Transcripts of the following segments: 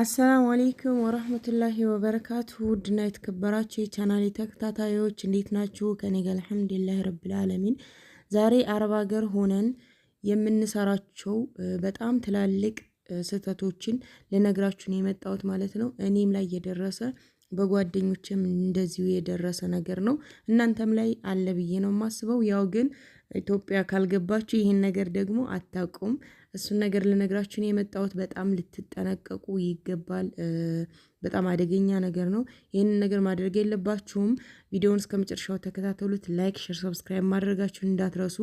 አሰላሙ አሌይኩም ወረህመቱላሂ ወበረካቱ። ውድና የተከበራችሁ የቻናሌ ተከታታዮች እንዴት ናችሁ? ከኔ ጋር አልሐምዱሊላህ ረብል ዛሬ አረብ ሀገር ሆነን የምንሰራቸው በጣም ትላልቅ ስህተቶችን ልነግራችሁ ነው የመጣሁት ማለት ነው። እኔም ላይ የደረሰ በጓደኞችም እንደዚሁ የደረሰ ነገር ነው። እናንተም ላይ አለ ብዬ ነው የማስበው። ያው ግን ኢትዮጵያ ካልገባችሁ ይህን ነገር ደግሞ አታውቁም። እሱን ነገር ልነግራችሁ የመጣውት የመጣሁት። በጣም ልትጠነቀቁ ይገባል። በጣም አደገኛ ነገር ነው። ይህንን ነገር ማድረግ የለባችሁም። ቪዲዮውን እስከ መጨረሻው ተከታተሉት። ላይክ፣ ሼር፣ ሰብስክራይብ ማድረጋችሁን እንዳትረሱ።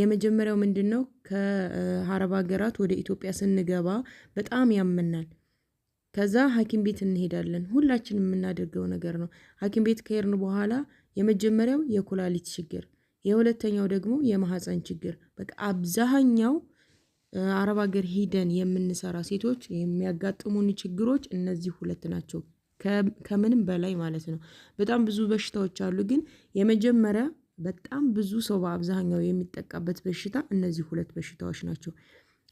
የመጀመሪያው ምንድን ነው? ከአረብ ሀገራት ወደ ኢትዮጵያ ስንገባ በጣም ያመናል። ከዛ ሐኪም ቤት እንሄዳለን። ሁላችን የምናደርገው ነገር ነው። ሐኪም ቤት ከሄድን በኋላ የመጀመሪያው የኩላሊት ችግር፣ የሁለተኛው ደግሞ የማህፀን ችግር በቃ አብዛኛው አረብ ሀገር ሂደን የምንሰራ ሴቶች የሚያጋጥሙን ችግሮች እነዚህ ሁለት ናቸው። ከምንም በላይ ማለት ነው። በጣም ብዙ በሽታዎች አሉ ግን የመጀመሪያ በጣም ብዙ ሰው በአብዛኛው የሚጠቃበት በሽታ እነዚህ ሁለት በሽታዎች ናቸው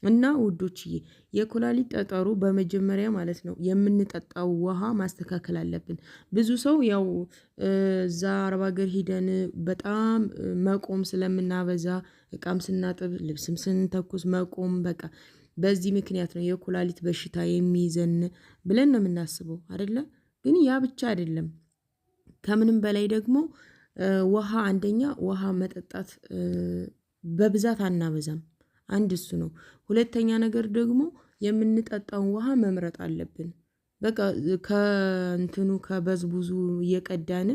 እና ውዶችዬ የኩላሊት ጠጠሩ በመጀመሪያ ማለት ነው የምንጠጣው ውሃ ማስተካከል አለብን። ብዙ ሰው ያው እዛ አረብ ሀገር ሂደን በጣም መቆም ስለምናበዛ እቃም ስናጥብ ልብስም ስንተኩስ መቆም በቃ በዚህ ምክንያት ነው የኩላሊት በሽታ የሚይዘን ብለን ነው የምናስበው አይደለ? ግን ያ ብቻ አይደለም። ከምንም በላይ ደግሞ ውሃ አንደኛ ውሃ መጠጣት በብዛት አናበዛም አንድ እሱ ነው። ሁለተኛ ነገር ደግሞ የምንጠጣውን ውሃ መምረጥ አለብን። በቃ ከእንትኑ ከበዝቡዙ እየቀዳን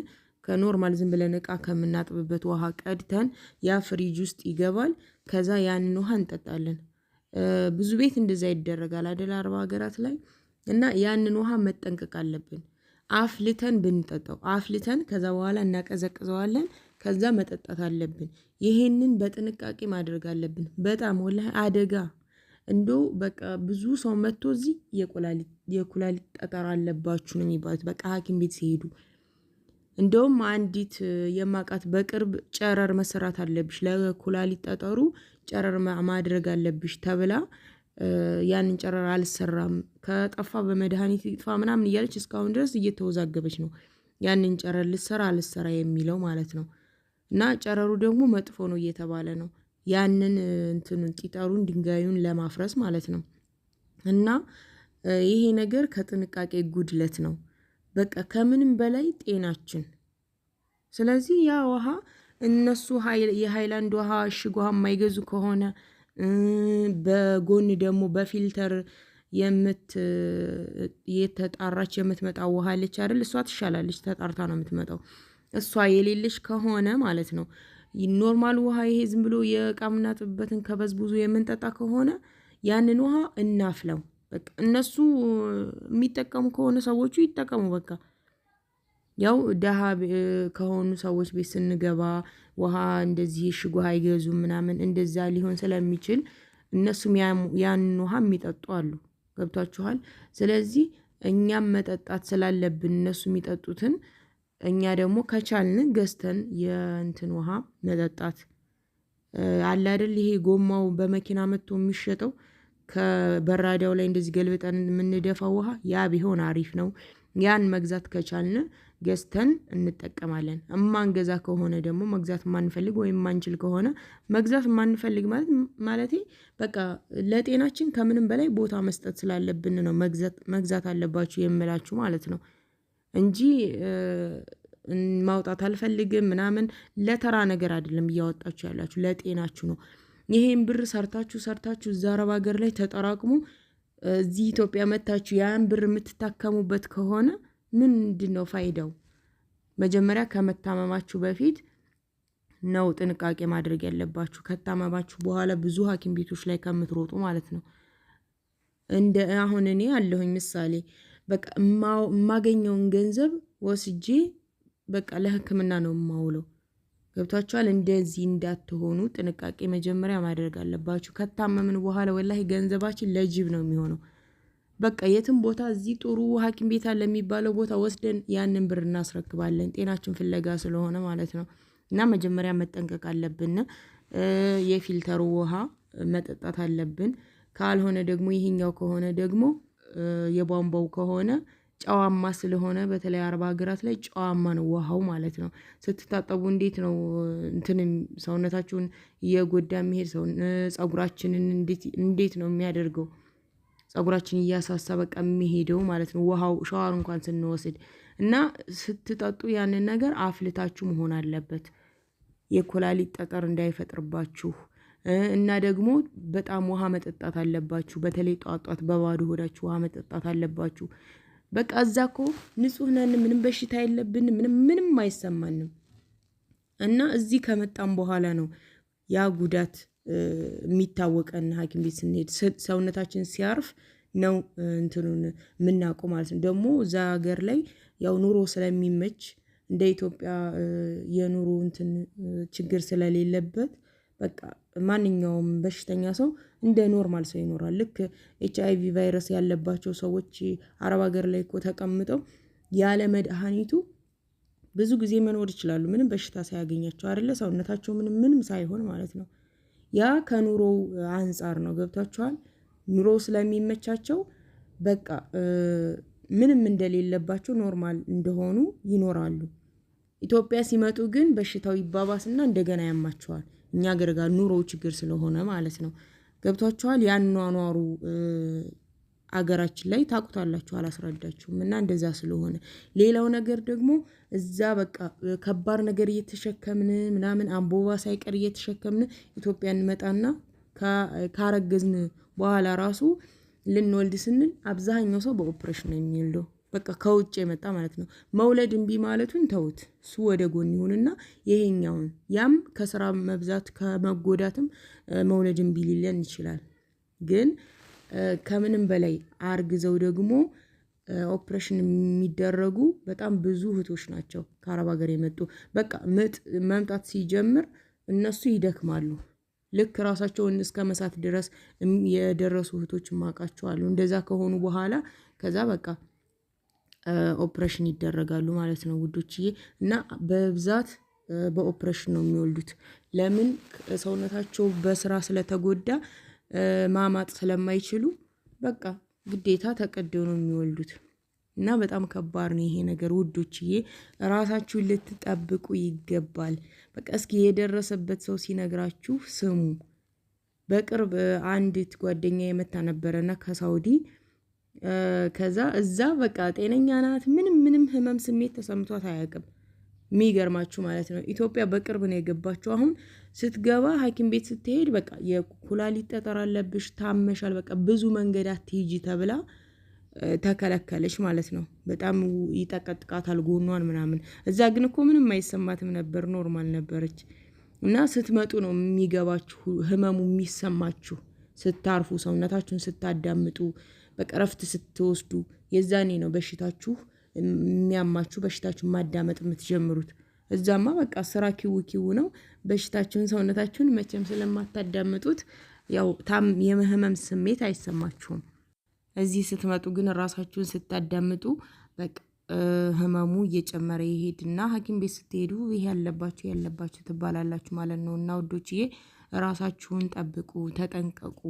ከኖርማል ዝም ብለን እቃ ከምናጥብበት ውሃ ቀድተን ያ ፍሪጅ ውስጥ ይገባል። ከዛ ያንን ውሃ እንጠጣለን። ብዙ ቤት እንደዛ ይደረጋል አደል አርባ ሀገራት ላይ እና ያንን ውሃ መጠንቀቅ አለብን። አፍልተን ብንጠጣው አፍልተን ከዛ በኋላ እናቀዘቅዘዋለን ከዛ መጠጣት አለብን። ይሄንን በጥንቃቄ ማድረግ አለብን። በጣም ወላሂ አደጋ እንዶ በቃ ብዙ ሰው መጥቶ እዚህ የኩላሊት ጠጠር አለባችሁ ነው የሚባሉት። በቃ ሐኪም ቤት ሲሄዱ እንደውም አንዲት የማቃት በቅርብ ጨረር መሰራት አለብሽ ለኩላሊት ጠጠሩ ጨረር ማድረግ አለብሽ ተብላ ያንን ጨረር አልሰራም ከጠፋ በመድኃኒት ይጥፋ ምናምን እያለች እስካሁን ድረስ እየተወዛገበች ነው። ያንን ጨረር ልሰራ አልሰራ የሚለው ማለት ነው። እና ጨረሩ ደግሞ መጥፎ ነው እየተባለ ነው። ያንን እንትኑን ጢጠሩን ድንጋዩን ለማፍረስ ማለት ነው። እና ይሄ ነገር ከጥንቃቄ ጉድለት ነው። በቃ ከምንም በላይ ጤናችን። ስለዚህ ያ ውሃ እነሱ የሀይላንድ ውሃ እሽግ ውሃ የማይገዙ ከሆነ በጎን ደግሞ በፊልተር የምት የተጣራች የምትመጣ ውሃ አለች አይደል? እሷ ትሻላለች፣ ተጣርታ ነው የምትመጣው። እሷ የሌለሽ ከሆነ ማለት ነው። ኖርማል ውሃ ይሄ ዝም ብሎ የእቃ ምናጥብበትን ከበዝብዙ የምንጠጣ ከሆነ ያንን ውሃ እናፍለው። በቃ እነሱ የሚጠቀሙ ከሆነ ሰዎቹ ይጠቀሙ። በቃ ያው ደሃ ከሆኑ ሰዎች ቤት ስንገባ ውሃ እንደዚህ ሽጉ አይገዙ ምናምን እንደዛ ሊሆን ስለሚችል እነሱም ያንን ውሃ የሚጠጡ አሉ። ገብቷችኋል? ስለዚህ እኛም መጠጣት ስላለብን እነሱ የሚጠጡትን እኛ ደግሞ ከቻልን ገዝተን የእንትን ውሃ መጠጣት አለ አይደል? ይሄ ጎማው በመኪና መጥቶ የሚሸጠው ከበራዳው ላይ እንደዚህ ገልብጠን የምንደፋው ውሃ ያ ቢሆን አሪፍ ነው። ያን መግዛት ከቻልን ገዝተን እንጠቀማለን። እማንገዛ ከሆነ ደግሞ መግዛት የማንፈልግ ወይም የማንችል ከሆነ መግዛት የማንፈልግ ማለት ማለት በቃ ለጤናችን ከምንም በላይ ቦታ መስጠት ስላለብን ነው መግዛት አለባችሁ የምላችሁ ማለት ነው። እንጂ ማውጣት አልፈልግም ምናምን ለተራ ነገር አይደለም እያወጣችሁ ያላችሁ ለጤናችሁ ነው። ይሄን ብር ሰርታችሁ ሰርታችሁ እዛ አረብ ሀገር ላይ ተጠራቅሞ እዚህ ኢትዮጵያ መታችሁ ያን ብር የምትታከሙበት ከሆነ ምንድን ነው ፋይዳው? መጀመሪያ ከመታመማችሁ በፊት ነው ጥንቃቄ ማድረግ ያለባችሁ። ከታመማችሁ በኋላ ብዙ ሐኪም ቤቶች ላይ ከምትሮጡ ማለት ነው። እንደ አሁን እኔ አለሁኝ ምሳሌ በቃ የማገኘውን ገንዘብ ወስጄ በቃ ለህክምና ነው የማውለው። ገብቷችኋል? እንደዚህ እንዳትሆኑ ጥንቃቄ መጀመሪያ ማድረግ አለባችሁ። ከታመምን በኋላ ወላሂ ገንዘባችን ለጅብ ነው የሚሆነው። በቃ የትም ቦታ እዚህ ጥሩ ሐኪም ቤት አለ የሚባለው ቦታ ወስደን ያንን ብር እናስረክባለን፣ ጤናችን ፍለጋ ስለሆነ ማለት ነው። እና መጀመሪያ መጠንቀቅ አለብን። የፊልተሩ ውሃ መጠጣት አለብን። ካልሆነ ደግሞ ይሄኛው ከሆነ ደግሞ የቧንቧው ከሆነ ጨዋማ ስለሆነ በተለይ አርባ ሀገራት ላይ ጨዋማ ነው ውሃው ማለት ነው። ስትታጠቡ እንዴት ነው እንትን ሰውነታችሁን እየጎዳ የሚሄድ ሰው ጸጉራችንን እንዴት ነው የሚያደርገው? ጸጉራችን እያሳሳ በቃ የሚሄደው ማለት ነው። ውሃው ሻወር እንኳን ስንወስድ እና ስትጠጡ ያንን ነገር አፍልታችሁ መሆን አለበት። የኩላሊት ጠጠር እንዳይፈጥርባችሁ እና ደግሞ በጣም ውሃ መጠጣት አለባችሁ። በተለይ ጧት ጧት በባዶ ሆዳችሁ ውሃ መጠጣት አለባችሁ። በቃ እዛ እኮ ንጹህ ነን፣ ምንም በሽታ የለብን፣ ምንም ምንም አይሰማንም። እና እዚህ ከመጣም በኋላ ነው ያ ጉዳት የሚታወቀን። ሐኪም ቤት ስንሄድ ሰውነታችን ሲያርፍ ነው እንትኑን የምናውቀው ማለት ነው። ደግሞ እዛ ሀገር ላይ ያው ኑሮ ስለሚመች እንደ ኢትዮጵያ የኑሮ እንትን ችግር ስለሌለበት በቃ ማንኛውም በሽተኛ ሰው እንደ ኖርማል ሰው ይኖራል። ልክ ኤች አይቪ ቫይረስ ያለባቸው ሰዎች አረብ ሀገር ላይ እኮ ተቀምጠው ያለ መድኃኒቱ ብዙ ጊዜ መኖር ይችላሉ። ምንም በሽታ ሳያገኛቸው አይደለ ሰውነታቸው ምንም ምንም ሳይሆን ማለት ነው። ያ ከኑሮው አንጻር ነው። ገብቷችኋል? ኑሮ ስለሚመቻቸው በቃ ምንም እንደሌለባቸው ኖርማል እንደሆኑ ይኖራሉ። ኢትዮጵያ ሲመጡ ግን በሽታው ይባባስና እንደገና ያማቸዋል። እኛ ገር ጋር ኑሮው ችግር ስለሆነ ማለት ነው። ገብቷችኋል? ያኗኗሩ አገራችን ላይ ታቁታላችሁ፣ አላስረዳችሁም። እና እንደዛ ስለሆነ ሌላው ነገር ደግሞ እዛ በቃ ከባድ ነገር እየተሸከምን ምናምን አንቦባ ሳይቀር እየተሸከምን ኢትዮጵያ እንመጣና ካረገዝን በኋላ ራሱ ልንወልድ ስንል አብዛኛው ሰው በኦፕሬሽን ነው የሚወልደው። በቃ ከውጭ የመጣ ማለት ነው። መውለድ እምቢ ማለቱን ተውት፣ እሱ ወደ ጎን ይሁንና ይሄኛውን ያም ከስራ መብዛት ከመጎዳትም መውለድ እምቢ ሊለን ይችላል። ግን ከምንም በላይ አርግዘው ደግሞ ኦፕሬሽን የሚደረጉ በጣም ብዙ እህቶች ናቸው ከአረብ ሀገር የመጡ በቃ ምጥ መምጣት ሲጀምር እነሱ ይደክማሉ። ልክ ራሳቸውን እስከ መሳት ድረስ የደረሱ እህቶች ማቃቸዋሉ። እንደዛ ከሆኑ በኋላ ከዛ በቃ ኦፕሬሽን ይደረጋሉ ማለት ነው ውዶችዬ። እና በብዛት በኦፕሬሽን ነው የሚወልዱት። ለምን ሰውነታቸው በስራ ስለተጎዳ ማማጥ ስለማይችሉ በቃ ግዴታ ተቀደው ነው የሚወልዱት። እና በጣም ከባድ ነው ይሄ ነገር ውዶችዬ፣ ራሳችሁን ልትጠብቁ ይገባል። በቃ እስኪ የደረሰበት ሰው ሲነግራችሁ ስሙ። በቅርብ አንዲት ጓደኛ የመታ ነበረና ከሳውዲ ከዛ እዛ በቃ ጤነኛ ናት። ምንም ምንም ህመም ስሜት ተሰምቷት አያውቅም። የሚገርማችሁ ማለት ነው ኢትዮጵያ በቅርብ ነው የገባችው። አሁን ስትገባ ሐኪም ቤት ስትሄድ በቃ የኩላሊት ጠጠር አለብሽ፣ ታመሻል፣ በቃ ብዙ መንገድ አትሂጂ ተብላ ተከለከለች ማለት ነው። በጣም ይጠቀጥቃታል ጎኗን ምናምን። እዛ ግን እኮ ምንም አይሰማትም ነበር፣ ኖርማል ነበረች። እና ስትመጡ ነው የሚገባችሁ ህመሙ የሚሰማችሁ፣ ስታርፉ፣ ሰውነታችሁን ስታዳምጡ በቀረፍት ስትወስዱ የዛኔ ነው በሽታችሁ የሚያማችሁ በሽታችሁ ማዳመጥ የምትጀምሩት። እዛማ በቃ ስራ ኪው ኪው ነው። በሽታችሁን ሰውነታችሁን መቼም ስለማታዳምጡት ያው ታም የመህመም ስሜት አይሰማችሁም። እዚህ ስትመጡ ግን ራሳችሁን ስታዳምጡ በቃ ህመሙ እየጨመረ ይሄድና ሐኪም ቤት ስትሄዱ ይሄ ያለባችሁ ያለባችሁ ትባላላችሁ ማለት ነው እና ውዶችዬ ራሳችሁን ጠብቁ፣ ተጠንቀቁ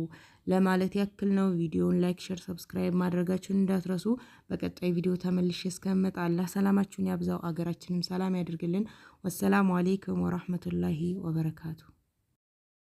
ለማለት ያክል ነው። ቪዲዮን ላይክ፣ ሼር፣ ሰብስክራይብ ማድረጋችሁን እንዳትረሱ። በቀጣይ ቪዲዮ ተመልሼ እስከምመጣ አላህ ሰላማችሁን ያብዛው፣ አገራችንም ሰላም ያድርግልን። ወሰላሙ አሌይኩም ወራህመቱላሂ ወበረካቱ።